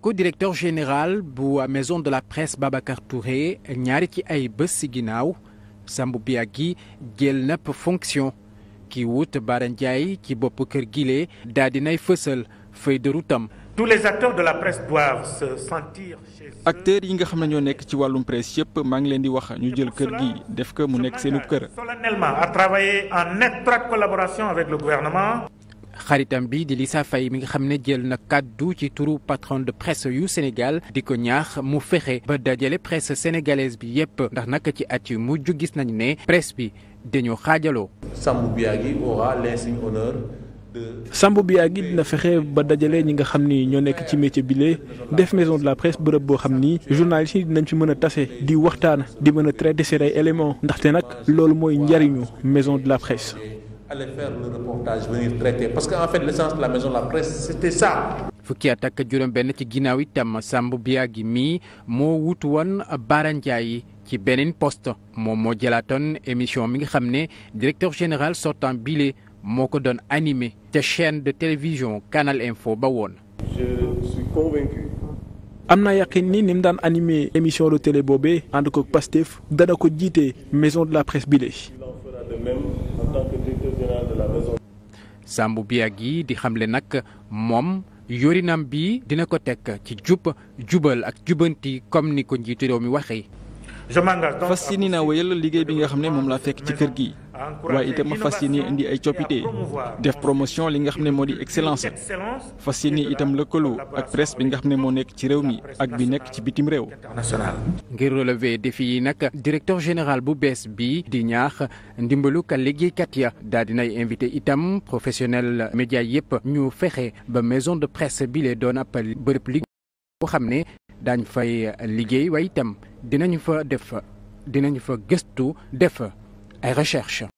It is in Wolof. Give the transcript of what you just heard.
co-directeur général bu maison de la presse Babacar Touré ñaari ci ay bés ci ginnaaw Sambou Biagui jël napp fonction ki wut bare Ndiaye ci bopp kër gile daa dinay fësal feuille de route am tous les acteurs de la presse doivent se sentir chez eux. yi nga xam ne ñoo nekk ci wàllum presse yëpp maa ngi leen di wax ñu jël kër gi def ko mu nekk seenub kër. solennellement à travailler en étroite collaboration xaritam bi di Lissa Faye mi nga xam ne jël na kàddu ci turu patron de presse yu Sénégal di ko ñaax mu fexe ba dajale presse sénégalaise bi yépp ndax naka ci at yu mujj gis nañu ne presse bi dañoo xaajaloo. Sambou Biagui aura l'insigne honneur Sambou Biagui dina fexe ba dajalee ñi nga xam ni ñoo nekk ci métier bile def maison de la presse bërëb boo xam ni journalistes yi dinañ fi mën a tase di waxtaan di mën a traiter seen ay ndaxte nag loolu mooy njariñu maison de la presse. aller faire le parce que en fait l'essence de la maison de la presse c'était ça. fukki at ak juróom-benn ci ginnaaw itam Samba gi mii moo wutu woon Bara Ndiaye ci beneen poste moom moo jëlaatoon émission mi nga xam ne directeur général sortant bile moo ko doon anime te chaine de télévision Canal Info ba woon. je suis ni ni mu daan animé émission de télé boobee ànd ko Pastef dana ko la presse bile. il sambu tant que di xamle nag moom yorinam bi dina ko teg ci jub jubal ak jubanti comme ni ko njiitu réew mi waxee. fas ni naa wéyal liggéey bi nga xam ne moom laa fekk ci kër gi. waaye itam fas yéene indi ay coppite def promotion li nga xam ne moo di excellence fas yéene itam lëkkaloo ak presse bi nga xam ne moo nekk ci réew mi ak bi nekk ci bitim réew. ngir relever defi yi nag directeur général bu bees bi di ñaax ndimbalu ka liggéeykat ya daal dinay invité itam professionnel média yëpp ñu fexe ba maison de presse bi lee doon ab bërëb liggéey boo xam ne daañ fay liggéey waaye itam dinañu fa def dinañu fa gëstu def. Elle recherche.